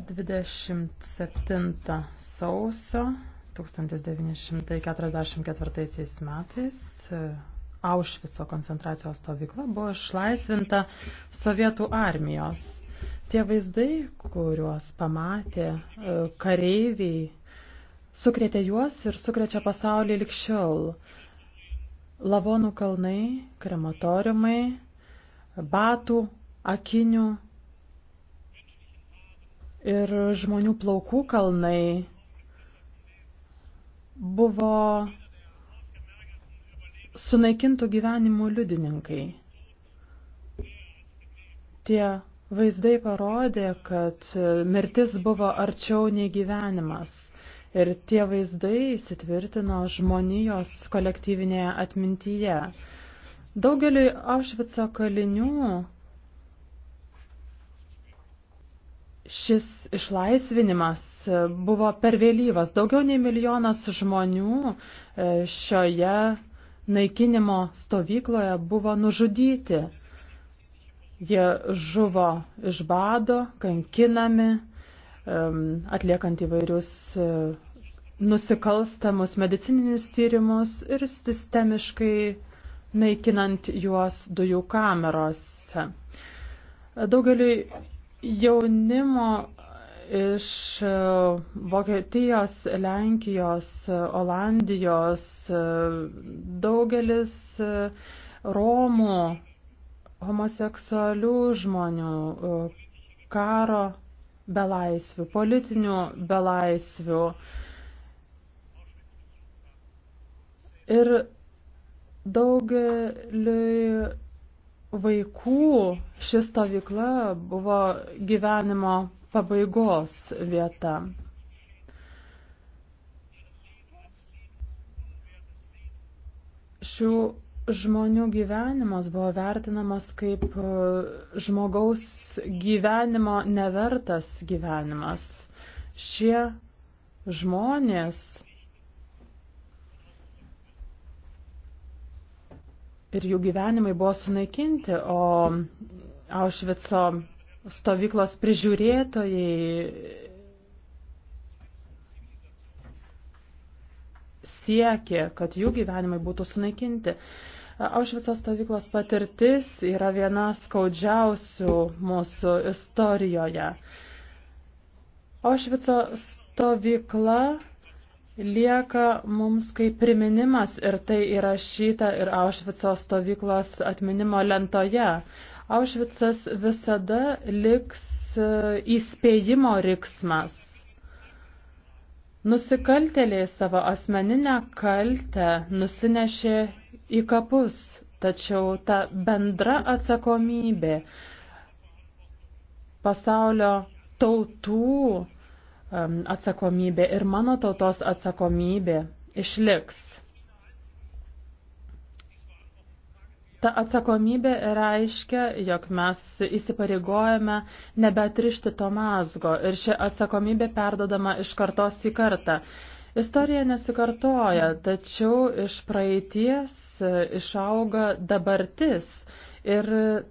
27 sausio 1944 metais e, Aušvico koncentracijos stovykla buvo išlaisvinta sovietų armijos. Tie vaizdai, kuriuos pamatė e, kareiviai, sukrėtė juos ir sukrečia pasaulį likščiol. Lavonų kalnai, krematoriumai, batų, akinių ir žmonių plaukų kalnai buvo sunaikintų gyvenimų liudininkai. Tie vaizdai parodė, kad mirtis buvo arčiau nei gyvenimas. Ir tie vaizdai įsitvirtino žmonijos kolektyvinėje atmintyje. Daugeliui Aušvico kalinių Šis išlaisvinimas e, buvo per vėlyvas. Daugiau nei milijonas žmonių e, šioje naikinimo stovykloje buvo nužudyti. Jie žuvo iš bado, kankinami, atliekant įvairius e, nusikalstamus medicininius tyrimus ir sistemiškai naikinant juos dujų kamerose. Daugeliu Jaunimo iš e, Vokietijos, Lenkijos, e, Olandijos e, daugelis Romų, homoseksualių žmonių, karo belaisvių, politinių belaisvių. Ir daugeliui vaikų ši stovykla buvo gyvenimo pabaigos vieta. Šių žmonių gyvenimas buvo vertinamas kaip e, žmogaus gyvenimo nevertas gyvenimas. Šie žmonės ir jų gyvenimai buvo sunaikinti, o Aušvico stovyklos prižiūrėtojai siekė, kad jų gyvenimai būtų sunaikinti. Aušvico stovyklos patirtis yra viena skaudžiausių mūsų istorijoje. Aušvico stovykla lieka mums kaip priminimas ir tai įrašyta ir Aušvico stovyklos atminimo lentoje. Aušvicas visada liks e, įspėjimo riksmas. Nusikaltėliai savo asmeninę kaltę nusinešė į kapus, tačiau ta bendra atsakomybė pasaulio tautų Um, atsakomybė ir mano tautos atsakomybė išliks. Ta atsakomybė reiškia, jog mes įsipareigojame nebetrišti to mazgo ir ši atsakomybė perdodama iš kartos į kartą. Istorija nesikartoja, tačiau iš praeities e, išauga dabartis. Ir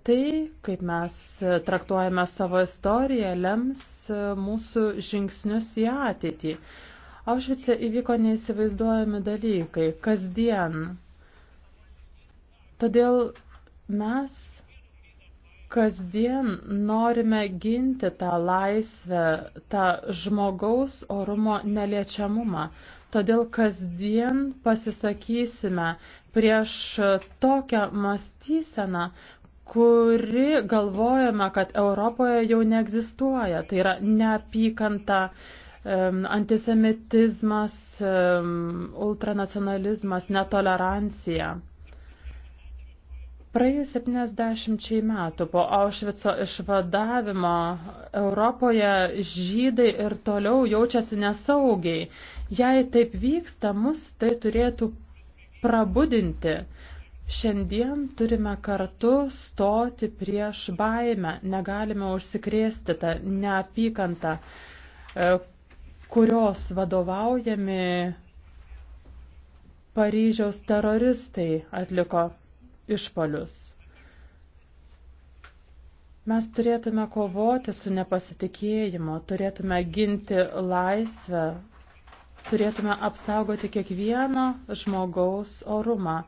tai, kaip mes traktuojame savo istoriją, lems e, mūsų žingsnius į ateitį. Aušvice įvyko neįsivaizduojami dalykai kasdien. Todėl mes kasdien norime ginti tą laisvę, tą žmogaus orumo neliečiamumą. Todėl kasdien pasisakysime prieš tokią mąstyseną, kuri galvojame, kad Europoje jau neegzistuoja. Tai yra neapykanta, antisemitizmas, ultranacionalizmas, netolerancija. Praėjus 70 metų po Aušvico išvadavimo Europoje žydai ir toliau jaučiasi nesaugiai. Jei taip vyksta, mus tai turėtų prabudinti. Šiandien turime kartu stoti prieš baimę, negalime užsikrėsti tą neapykantą, e, kurios vadovaujami Paryžiaus teroristai atliko išpolius. Mes turėtume kovoti su nepasitikėjimu, turėtume ginti laisvę, turėtume apsaugoti kiekvieno žmogaus orumą.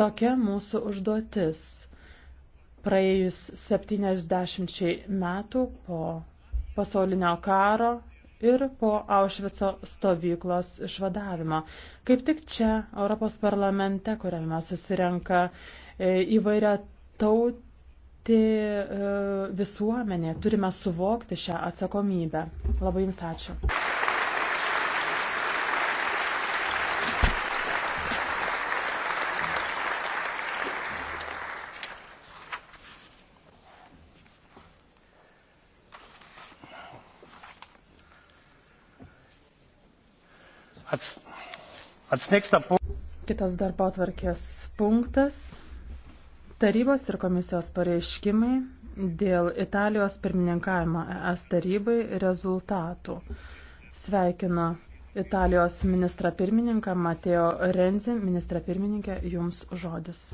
Tokia mūsų užduotis. Praėjus 70 metų po pasaulinio karo ir po Aušvico stovyklos išvadavimo. Kaip tik čia Europos parlamente, kuriame susirenka e, įvairia tauti e, visuomenė, turime suvokti šią atsakomybę. Labai Jums ačiū. Kitas darbo atvarkės punktas – tarybos ir komisijos pareiškimai dėl Italijos pirmininkavimo ES tarybai rezultatų. Sveikinu Italijos ministrą pirmininką Mateo Renzi. Ministrą pirmininkę, jums žodis.